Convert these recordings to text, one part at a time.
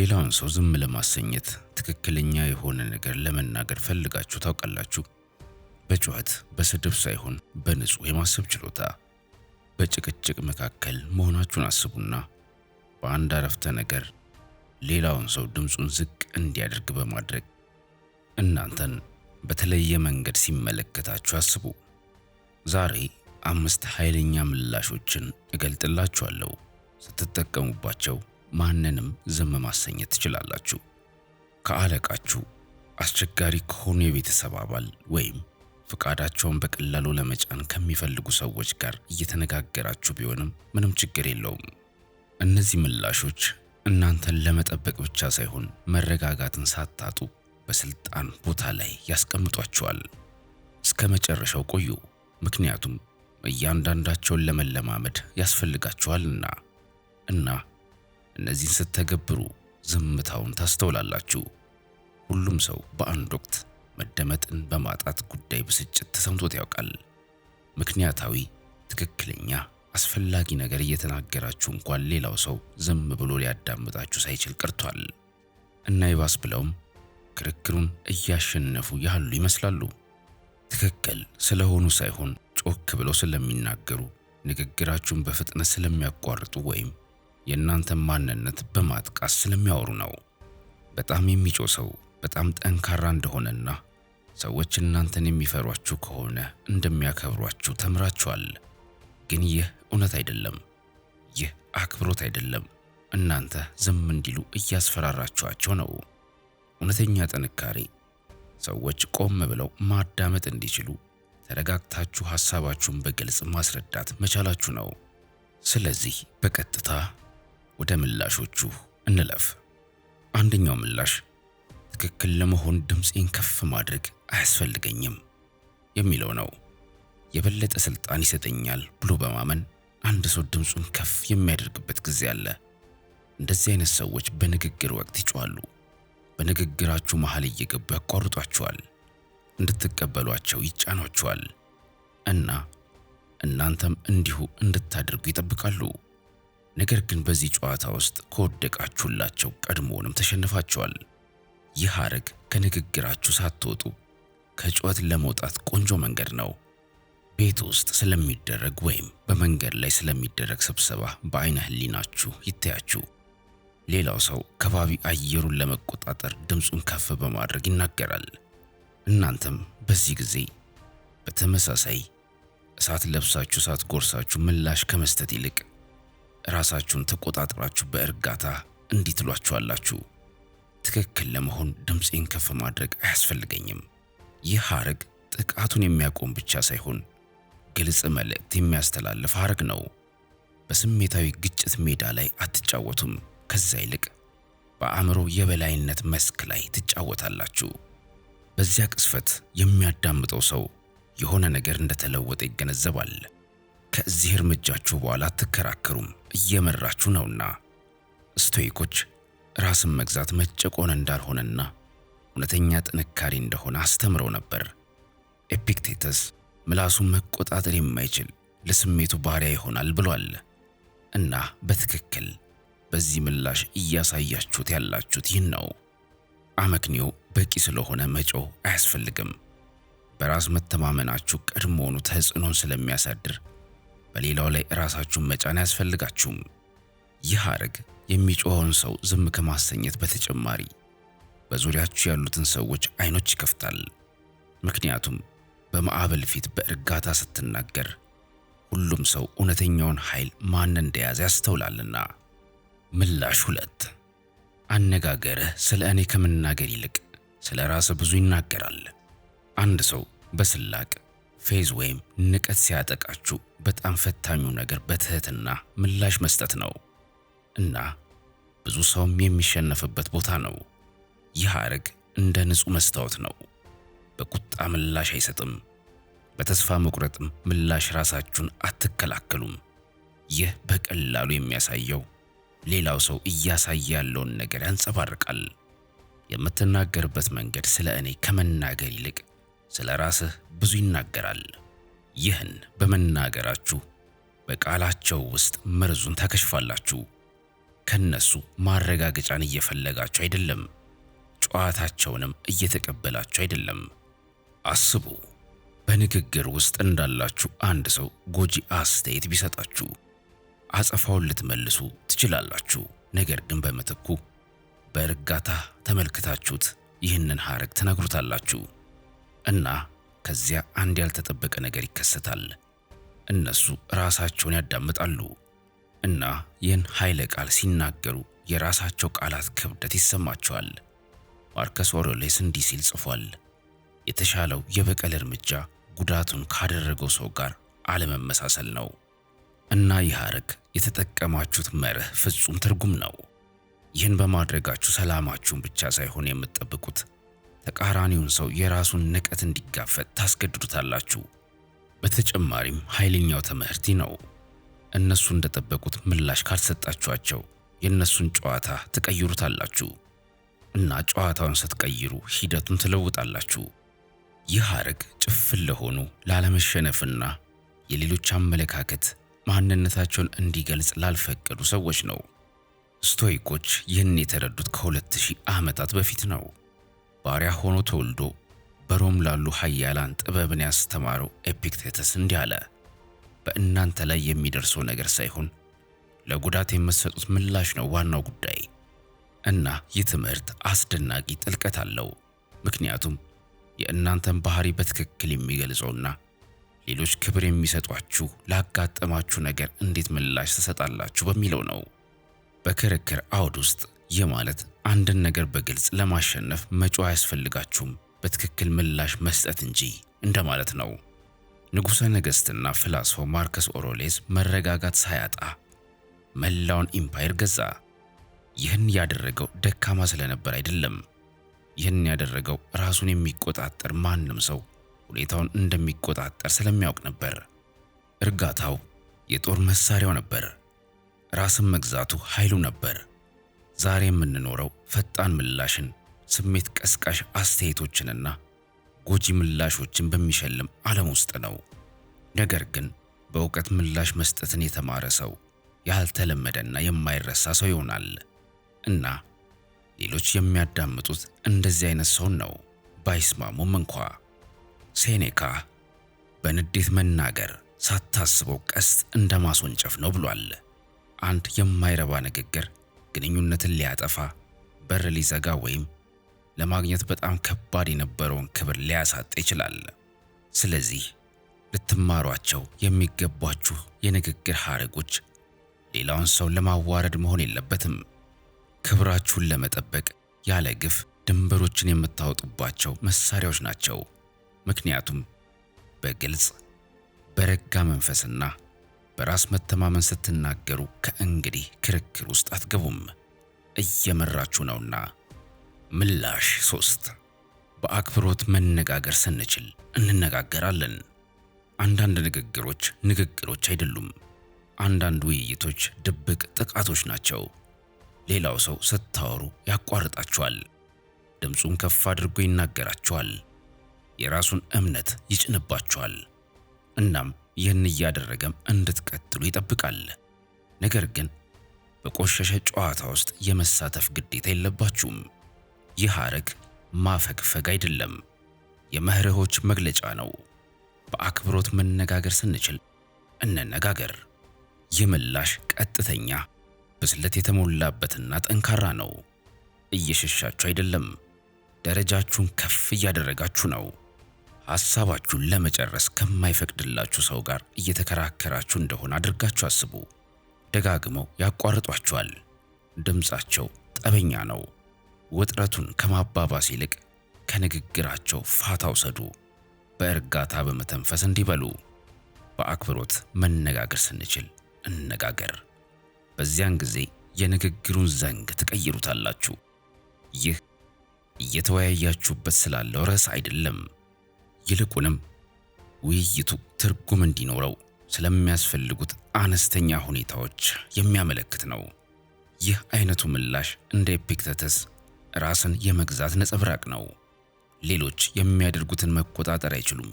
ሌላውን ሰው ዝም ለማሰኘት ትክክለኛ የሆነ ነገር ለመናገር ፈልጋችሁ ታውቃላችሁ? በጩኸት በስድብ ሳይሆን በንጹህ የማሰብ ችሎታ። በጭቅጭቅ መካከል መሆናችሁን አስቡና በአንድ አረፍተ ነገር ሌላውን ሰው ድምፁን ዝቅ እንዲያደርግ በማድረግ እናንተን በተለየ መንገድ ሲመለከታችሁ አስቡ። ዛሬ አምስት ኃይለኛ ምላሾችን እገልጥላችኋለሁ። ስትጠቀሙባቸው ማንንም ዝም ማሰኘት ትችላላችሁ። ከአለቃችሁ፣ አስቸጋሪ ከሆኑ የቤተሰብ አባል ወይም ፈቃዳቸውን በቀላሉ ለመጫን ከሚፈልጉ ሰዎች ጋር እየተነጋገራችሁ ቢሆንም ምንም ችግር የለውም። እነዚህ ምላሾች እናንተን ለመጠበቅ ብቻ ሳይሆን መረጋጋትን ሳታጡ በስልጣን ቦታ ላይ ያስቀምጧችኋል። እስከ መጨረሻው ቆዩ፣ ምክንያቱም እያንዳንዳቸውን ለመለማመድ ያስፈልጋችኋልና እና እነዚህን ስተገብሩ ዝምታውን ታስተውላላችሁ። ሁሉም ሰው በአንድ ወቅት መደመጥን በማጣት ጉዳይ ብስጭት ተሰምቶት ያውቃል። ምክንያታዊ፣ ትክክለኛ፣ አስፈላጊ ነገር እየተናገራችሁ እንኳን ሌላው ሰው ዝም ብሎ ሊያዳምጣችሁ ሳይችል ቀርቷል እና ይባስ ብለውም ክርክሩን እያሸነፉ ያሉ ይመስላሉ። ትክክል ስለሆኑ ሳይሆን ጮክ ብለው ስለሚናገሩ፣ ንግግራችሁን በፍጥነት ስለሚያቋርጡ ወይም የእናንተን ማንነት በማጥቃት ስለሚያወሩ ነው። በጣም የሚጮ ሰው በጣም ጠንካራ እንደሆነና ሰዎች እናንተን የሚፈሯችሁ ከሆነ እንደሚያከብሯችሁ ተምራችኋል። ግን ይህ እውነት አይደለም። ይህ አክብሮት አይደለም። እናንተ ዝም እንዲሉ እያስፈራራችኋቸው ነው። እውነተኛ ጥንካሬ ሰዎች ቆም ብለው ማዳመጥ እንዲችሉ ተረጋግታችሁ ሐሳባችሁን በግልጽ ማስረዳት መቻላችሁ ነው። ስለዚህ በቀጥታ ወደ ምላሾቹ እንለፍ። አንደኛው ምላሽ ትክክል ለመሆን ድምፄን ከፍ ማድረግ አያስፈልገኝም የሚለው ነው። የበለጠ ስልጣን ይሰጠኛል ብሎ በማመን አንድ ሰው ድምፁን ከፍ የሚያደርግበት ጊዜ አለ። እንደዚህ አይነት ሰዎች በንግግር ወቅት ይጮዋሉ። በንግግራችሁ መሃል እየገቡ ያቋርጧችኋል፣ እንድትቀበሏቸው ይጫኗችኋል እና እናንተም እንዲሁ እንድታደርጉ ይጠብቃሉ። ነገር ግን በዚህ ጨዋታ ውስጥ ከወደቃችሁላቸው ቀድሞውንም ተሸንፋችኋል። ይህ ሐረግ ከንግግራችሁ ሳትወጡ ከጩኸት ለመውጣት ቆንጆ መንገድ ነው። ቤት ውስጥ ስለሚደረግ ወይም በመንገድ ላይ ስለሚደረግ ስብሰባ በአይነ ህሊናችሁ ይታያችሁ። ሌላው ሰው ከባቢ አየሩን ለመቆጣጠር ድምፁን ከፍ በማድረግ ይናገራል። እናንተም በዚህ ጊዜ በተመሳሳይ እሳት ለብሳችሁ እሳት ጎርሳችሁ ምላሽ ከመስጠት ይልቅ ራሳችሁን ተቆጣጥራችሁ በእርጋታ እንዲህ ትሏችኋላችሁ፣ ትክክል ለመሆን ድምፄን ከፍ ማድረግ አያስፈልገኝም። ይህ ሐረግ ጥቃቱን የሚያቆም ብቻ ሳይሆን ግልጽ መልእክት የሚያስተላልፍ ሐረግ ነው። በስሜታዊ ግጭት ሜዳ ላይ አትጫወቱም። ከዛ ይልቅ በአእምሮ የበላይነት መስክ ላይ ትጫወታላችሁ። በዚያ ቅስፈት የሚያዳምጠው ሰው የሆነ ነገር እንደተለወጠ ይገነዘባል። ከዚህ እርምጃችሁ በኋላ አትከራከሩም። እየመራችሁ ነውና። ስቶይኮች ራስን መግዛት መጨቆን እንዳልሆነና እውነተኛ ጥንካሬ እንደሆነ አስተምረው ነበር። ኤፒክቴተስ ምላሱን መቆጣጠር የማይችል ለስሜቱ ባሪያ ይሆናል ብሏል። እና በትክክል በዚህ ምላሽ እያሳያችሁት ያላችሁት ይህን ነው። አመክንዮ በቂ ስለሆነ መጮህ አያስፈልግም። በራስ መተማመናችሁ ቀድሞውኑ ተጽዕኖን ስለሚያሳድር በሌላው ላይ ራሳችሁን መጫን አያስፈልጋችሁም። ይህ ሐረግ የሚጮኸውን ሰው ዝም ከማሰኘት በተጨማሪ በዙሪያችሁ ያሉትን ሰዎች አይኖች ይከፍታል። ምክንያቱም በማዕበል ፊት በእርጋታ ስትናገር ሁሉም ሰው እውነተኛውን ኃይል ማን እንደያዘ ያስተውላልና። ምላሽ ሁለት አነጋገርህ ስለ እኔ ከመናገር ይልቅ ስለ ራስህ ብዙ ይናገራል። አንድ ሰው በስላቅ ፌዝ ወይም ንቀት ሲያጠቃችሁ በጣም ፈታኙ ነገር በትህትና ምላሽ መስጠት ነው እና ብዙ ሰውም የሚሸነፍበት ቦታ ነው። ይህ ሐረግ እንደ ንጹህ መስታወት ነው። በቁጣ ምላሽ አይሰጥም። በተስፋ መቁረጥም ምላሽ ራሳችሁን አትከላከሉም። ይህ በቀላሉ የሚያሳየው ሌላው ሰው እያሳየ ያለውን ነገር ያንጸባርቃል። የምትናገርበት መንገድ ስለ እኔ ከመናገር ይልቅ ስለ ራስህ ብዙ ይናገራል። ይህን በመናገራችሁ በቃላቸው ውስጥ መርዙን ታከሽፋላችሁ። ከነሱ ማረጋገጫን እየፈለጋችሁ አይደለም፣ ጨዋታቸውንም እየተቀበላችሁ አይደለም። አስቡ፣ በንግግር ውስጥ እንዳላችሁ አንድ ሰው ጎጂ አስተያየት ቢሰጣችሁ አጸፋውን ልትመልሱ ትችላላችሁ። ነገር ግን በምትኩ በእርጋታ ተመልክታችሁት ይህንን ሐረግ ትነግሩታላችሁ። እና ከዚያ አንድ ያልተጠበቀ ነገር ይከሰታል። እነሱ ራሳቸውን ያዳምጣሉ እና ይህን ኃይለ ቃል ሲናገሩ የራሳቸው ቃላት ክብደት ይሰማቸዋል። ማርከስ አውሬሊየስ እንዲህ ሲል ጽፏል። የተሻለው የበቀል እርምጃ ጉዳቱን ካደረገው ሰው ጋር አለመመሳሰል ነው እና ይህ ሐረግ የተጠቀማችሁት መርህ ፍጹም ትርጉም ነው። ይህን በማድረጋችሁ ሰላማችሁን ብቻ ሳይሆን የምትጠብቁት ተቃራኒውን ሰው የራሱን ንቀት እንዲጋፈጥ ታስገድዱታላችሁ። በተጨማሪም ኃይለኛው ትምህርቲ ነው። እነሱ እንደጠበቁት ምላሽ ካልሰጣችኋቸው የእነሱን ጨዋታ ትቀይሩታላችሁ እና ጨዋታውን ስትቀይሩ ሂደቱን ትለውጣላችሁ። ይህ ሐረግ ጭፍን ለሆኑ ላለመሸነፍና የሌሎች አመለካከት ማንነታቸውን እንዲገልጽ ላልፈቀዱ ሰዎች ነው። ስቶይኮች ይህን የተረዱት ከሁለት ሺህ ዓመታት በፊት ነው። ባሪያ ሆኖ ተወልዶ በሮም ላሉ ኃያላን ጥበብን ያስተማረው ኤፒክቴተስ እንዲህ አለ። በእናንተ ላይ የሚደርሰው ነገር ሳይሆን ለጉዳት የምትሰጡት ምላሽ ነው ዋናው ጉዳይ። እና ይህ ትምህርት አስደናቂ ጥልቀት አለው፣ ምክንያቱም የእናንተን ባህሪ በትክክል የሚገልጸውና ሌሎች ክብር የሚሰጧችሁ ላጋጠማችሁ ነገር እንዴት ምላሽ ትሰጣላችሁ በሚለው ነው። በክርክር አውድ ውስጥ ይህ ማለት አንድን ነገር በግልጽ ለማሸነፍ መጮህ አያስፈልጋችሁም፣ በትክክል ምላሽ መስጠት እንጂ እንደማለት ነው። ንጉሠ ነገሥትና ፍላስፎ ማርከስ ኦሮሌስ መረጋጋት ሳያጣ መላውን ኢምፓየር ገዛ። ይህን ያደረገው ደካማ ስለነበር አይደለም። ይህን ያደረገው ራሱን የሚቆጣጠር ማንም ሰው ሁኔታውን እንደሚቆጣጠር ስለሚያውቅ ነበር። እርጋታው የጦር መሳሪያው ነበር። ራስን መግዛቱ ኃይሉ ነበር። ዛሬ የምንኖረው ፈጣን ምላሽን፣ ስሜት ቀስቃሽ አስተያየቶችንና ጎጂ ምላሾችን በሚሸልም ዓለም ውስጥ ነው። ነገር ግን በእውቀት ምላሽ መስጠትን የተማረ ሰው ያልተለመደና የማይረሳ ሰው ይሆናል እና ሌሎች የሚያዳምጡት እንደዚህ አይነት ሰውን ነው። ባይስማሙም እንኳ ሴኔካ በንዴት መናገር ሳታስበው ቀስት እንደ ማስወንጨፍ ነው ብሏል። አንድ የማይረባ ንግግር ግንኙነትን ሊያጠፋ በር ሊዘጋ ወይም ለማግኘት በጣም ከባድ የነበረውን ክብር ሊያሳጥ ይችላል። ስለዚህ ልትማሯቸው የሚገቧችሁ የንግግር ሐረጎች ሌላውን ሰው ለማዋረድ መሆን የለበትም። ክብራችሁን ለመጠበቅ ያለ ግፍ ድንበሮችን የምታወጡባቸው መሳሪያዎች ናቸው። ምክንያቱም በግልጽ በረጋ መንፈስና በራስ መተማመን ስትናገሩ ከእንግዲህ ክርክር ውስጥ አትገቡም። እየመራችሁ ነውና። ምላሽ ሶስት በአክብሮት መነጋገር ስንችል እንነጋገራለን። አንዳንድ ንግግሮች ንግግሮች አይደሉም። አንዳንድ ውይይቶች ድብቅ ጥቃቶች ናቸው። ሌላው ሰው ስታወሩ ያቋርጣችኋል። ድምፁን ከፍ አድርጎ ይናገራችኋል። የራሱን እምነት ይጭንባችኋል። እናም ይህን እያደረገም እንድትቀጥሉ ይጠብቃል። ነገር ግን በቆሸሸ ጨዋታ ውስጥ የመሳተፍ ግዴታ የለባችሁም። ይህ ሐረግ ማፈግፈግ አይደለም፣ የመርሆዎች መግለጫ ነው። በአክብሮት መነጋገር ስንችል እንነጋገር። ይህ ምላሽ ቀጥተኛ፣ ብስለት የተሞላበትና ጠንካራ ነው። እየሸሻችሁ አይደለም፣ ደረጃችሁን ከፍ እያደረጋችሁ ነው። ሀሳባችሁን ለመጨረስ ከማይፈቅድላችሁ ሰው ጋር እየተከራከራችሁ እንደሆነ አድርጋችሁ አስቡ። ደጋግመው ያቋርጧችኋል። ድምፃቸው ጠበኛ ነው። ውጥረቱን ከማባባስ ይልቅ ከንግግራቸው ፋታ ውሰዱ። በእርጋታ በመተንፈስ እንዲበሉ በአክብሮት መነጋገር ስንችል እነጋገር። በዚያን ጊዜ የንግግሩን ዘንግ ትቀይሩታላችሁ። ይህ እየተወያያችሁበት ስላለው ርዕስ አይደለም። ይልቁንም ውይይቱ ትርጉም እንዲኖረው ስለሚያስፈልጉት አነስተኛ ሁኔታዎች የሚያመለክት ነው። ይህ አይነቱ ምላሽ እንደ ኤፒክተተስ ራስን የመግዛት ነጸብራቅ ነው። ሌሎች የሚያደርጉትን መቆጣጠር አይችሉም፣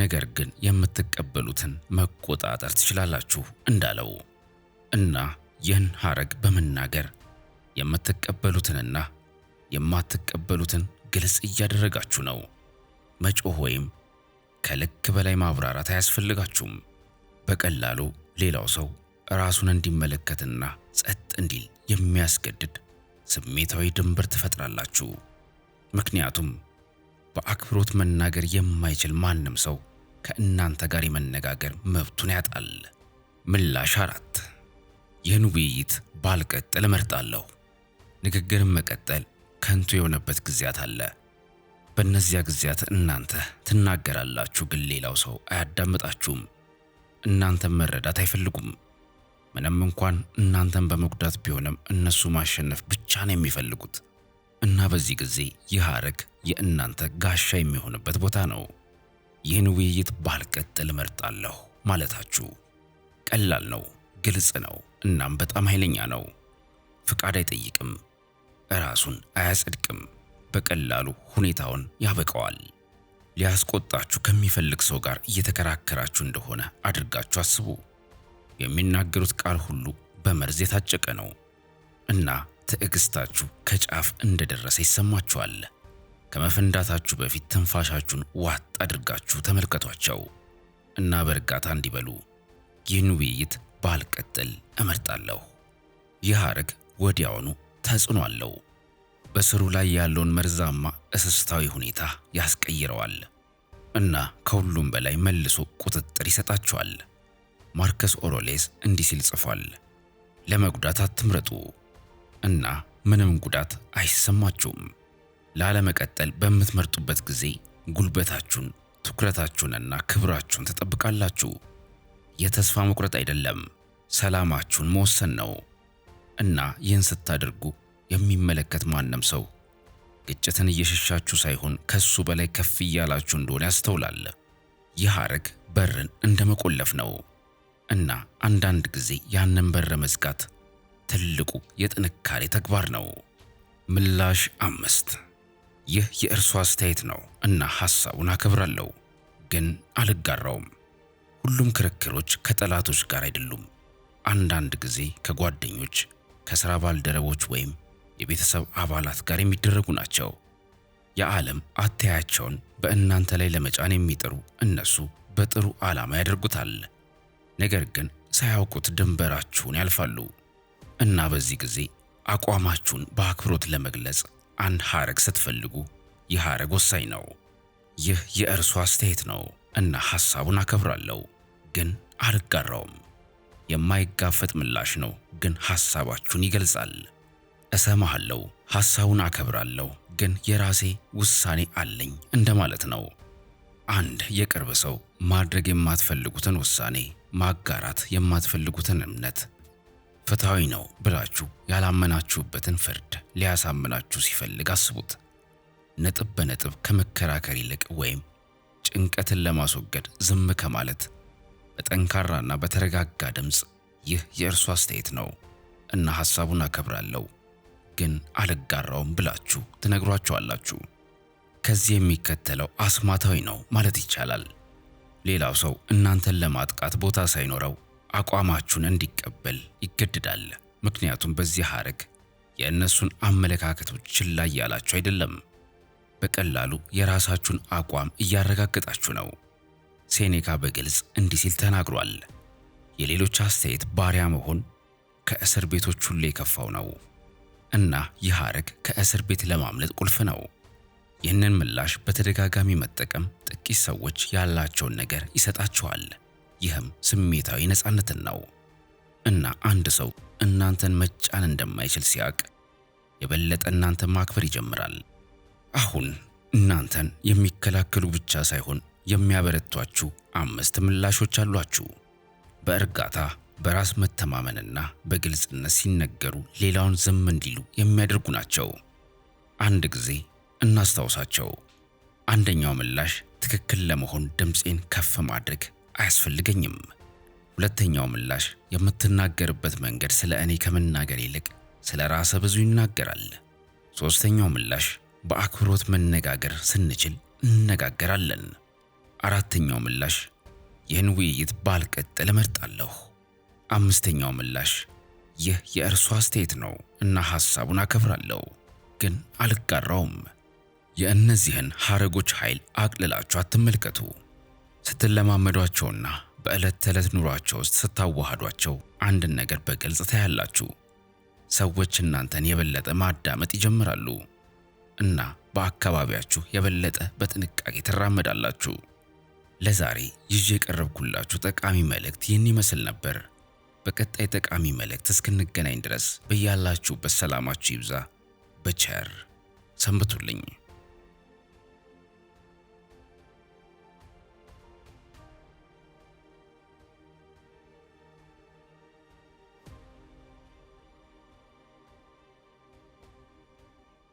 ነገር ግን የምትቀበሉትን መቆጣጠር ትችላላችሁ እንዳለው እና ይህን ሐረግ በመናገር የምትቀበሉትንና የማትቀበሉትን ግልጽ እያደረጋችሁ ነው። መጮህ ወይም ከልክ በላይ ማብራራት አያስፈልጋችሁም። በቀላሉ ሌላው ሰው ራሱን እንዲመለከትና ጸጥ እንዲል የሚያስገድድ ስሜታዊ ድንበር ትፈጥራላችሁ። ምክንያቱም በአክብሮት መናገር የማይችል ማንም ሰው ከእናንተ ጋር የመነጋገር መብቱን ያጣል። ምላሽ አራት ይህን ውይይት ባልቀጥል እመርጣለሁ። ንግግርን መቀጠል ከንቱ የሆነበት ጊዜያት አለ። በእነዚያ ጊዜያት እናንተ ትናገራላችሁ፣ ግን ሌላው ሰው አያዳምጣችሁም። እናንተን መረዳት አይፈልጉም። ምንም እንኳን እናንተን በመጉዳት ቢሆንም እነሱ ማሸነፍ ብቻ ነው የሚፈልጉት እና በዚህ ጊዜ ይህ ሐረግ የእናንተ ጋሻ የሚሆንበት ቦታ ነው። ይህን ውይይት ባልቀጥል እመርጣለሁ ማለታችሁ ቀላል ነው፣ ግልጽ ነው፣ እናም በጣም ኃይለኛ ነው። ፍቃድ አይጠይቅም፣ ራሱን አያጸድቅም። በቀላሉ ሁኔታውን ያበቀዋል። ሊያስቆጣችሁ ከሚፈልግ ሰው ጋር እየተከራከራችሁ እንደሆነ አድርጋችሁ አስቡ። የሚናገሩት ቃል ሁሉ በመርዝ የታጨቀ ነው እና ትዕግስታችሁ ከጫፍ እንደደረሰ ይሰማችኋል። ከመፈንዳታችሁ በፊት ትንፋሻችሁን ዋጥ አድርጋችሁ ተመልከቷቸው እና በእርጋታ እንዲበሉ ይህን ውይይት ባልቀጥል እመርጣለሁ። ይህ ሐረግ ወዲያውኑ ተጽዕኖ አለው። በስሩ ላይ ያለውን መርዛማ እስስታዊ ሁኔታ ያስቀይረዋል እና ከሁሉም በላይ መልሶ ቁጥጥር ይሰጣቸዋል። ማርከስ ኦሮሌስ እንዲህ ሲል ጽፏል። ለመጉዳት አትምረጡ እና ምንም ጉዳት አይሰማችሁም። ላለመቀጠል በምትመርጡበት ጊዜ ጉልበታችሁን፣ ትኩረታችሁንና ክብራችሁን ትጠብቃላችሁ። የተስፋ መቁረጥ አይደለም፣ ሰላማችሁን መወሰን ነው እና ይህን ስታደርጉ የሚመለከት ማንም ሰው ግጭትን እየሸሻችሁ ሳይሆን ከሱ በላይ ከፍ እያላችሁ እንደሆነ ያስተውላል። ይህ ሐረግ በርን እንደ መቆለፍ ነው እና አንዳንድ ጊዜ ያንን በር መዝጋት ትልቁ የጥንካሬ ተግባር ነው። ምላሽ አምስት ይህ የእርሱ አስተያየት ነው እና ሐሳቡን አከብራለሁ፣ ግን አልጋራውም። ሁሉም ክርክሮች ከጠላቶች ጋር አይደሉም። አንዳንድ ጊዜ ከጓደኞች፣ ከሥራ ባልደረቦች ወይም የቤተሰብ አባላት ጋር የሚደረጉ ናቸው። የዓለም አተያያቸውን በእናንተ ላይ ለመጫን የሚጥሩ እነሱ በጥሩ ዓላማ ያደርጉታል። ነገር ግን ሳያውቁት ድንበራችሁን ያልፋሉ እና በዚህ ጊዜ አቋማችሁን በአክብሮት ለመግለጽ አንድ ሐረግ ስትፈልጉ ይህ ሐረግ ወሳኝ ነው። ይህ የእርሱ አስተያየት ነው እና ሐሳቡን አከብራለሁ ግን አልጋራውም። የማይጋፈጥ ምላሽ ነው ግን ሐሳባችሁን ይገልጻል። እሰማሃለሁ፣ ሐሳቡን አከብራለሁ፣ ግን የራሴ ውሳኔ አለኝ እንደማለት ነው። አንድ የቅርብ ሰው ማድረግ የማትፈልጉትን ውሳኔ፣ ማጋራት የማትፈልጉትን እምነት፣ ፍትሐዊ ነው ብላችሁ ያላመናችሁበትን ፍርድ ሊያሳምናችሁ ሲፈልግ አስቡት። ነጥብ በነጥብ ከመከራከር ይልቅ ወይም ጭንቀትን ለማስወገድ ዝም ከማለት በጠንካራና በተረጋጋ ድምፅ ይህ የእርሱ አስተያየት ነው እና ሐሳቡን አከብራለሁ ግን አልጋራውም ብላችሁ ትነግሯቸዋላችሁ። ከዚህ የሚከተለው አስማታዊ ነው ማለት ይቻላል። ሌላው ሰው እናንተን ለማጥቃት ቦታ ሳይኖረው አቋማችሁን እንዲቀበል ይገድዳል። ምክንያቱም በዚህ ሐረግ የእነሱን አመለካከቶች ችላ እያላችሁ አይደለም፣ በቀላሉ የራሳችሁን አቋም እያረጋገጣችሁ ነው። ሴኔካ በግልጽ እንዲህ ሲል ተናግሯል። የሌሎች አስተያየት ባሪያ መሆን ከእስር ቤቶች ሁሉ የከፋው ነው። እና ይህ ሐረግ ከእስር ቤት ለማምለጥ ቁልፍ ነው። ይህንን ምላሽ በተደጋጋሚ መጠቀም ጥቂት ሰዎች ያላቸውን ነገር ይሰጣቸዋል። ይህም ስሜታዊ ነፃነትን ነው እና አንድ ሰው እናንተን መጫን እንደማይችል ሲያቅ የበለጠ እናንተን ማክበር ይጀምራል። አሁን እናንተን የሚከላከሉ ብቻ ሳይሆን የሚያበረቷችሁ አምስት ምላሾች አሏችሁ። በእርጋታ በራስ መተማመንና በግልጽነት ሲነገሩ ሌላውን ዝም እንዲሉ የሚያደርጉ ናቸው። አንድ ጊዜ እናስታውሳቸው። አንደኛው ምላሽ ትክክል ለመሆን ድምፄን ከፍ ማድረግ አያስፈልገኝም። ሁለተኛው ምላሽ የምትናገርበት መንገድ ስለ እኔ ከመናገር ይልቅ ስለ ራሰ ብዙ ይናገራል። ሦስተኛው ምላሽ በአክብሮት መነጋገር ስንችል እንነጋገራለን። አራተኛው ምላሽ ይህን ውይይት ባልቀጥል እመርጣለሁ። አምስተኛው ምላሽ ይህ የእርሷ አስተያየት ነው እና ሐሳቡን አከብራለሁ፣ ግን አልጋራውም። የእነዚህን ሐረጎች ኃይል አቅልላችሁ አትመልከቱ። ስትለማመዷቸውና በዕለት ተዕለት ኑሯቸው ውስጥ ስታዋሃዷቸው አንድን ነገር በግልጽ ታያላችሁ። ሰዎች እናንተን የበለጠ ማዳመጥ ይጀምራሉ እና በአካባቢያችሁ የበለጠ በጥንቃቄ ትራመዳላችሁ። ለዛሬ ይዤ የቀረብኩላችሁ ጠቃሚ መልእክት ይህን ይመስል ነበር። በቀጣይ ጠቃሚ መልእክት እስክንገናኝ ድረስ በያላችሁበት ሰላማችሁ ይብዛ። በቸር ሰንብቱልኝ።